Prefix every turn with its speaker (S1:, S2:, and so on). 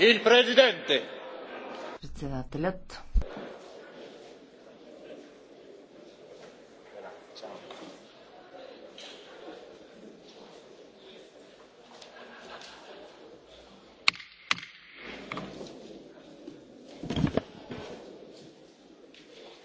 S1: Председателят